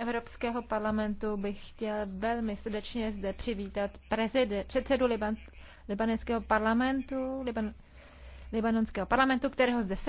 Evropského parlamentu bych chtěl velmi srdečně zde přivítat prezide, předsedu Liban, libanonského parlamentu, Liban, libanonského parlamentu, kterého zde srdečně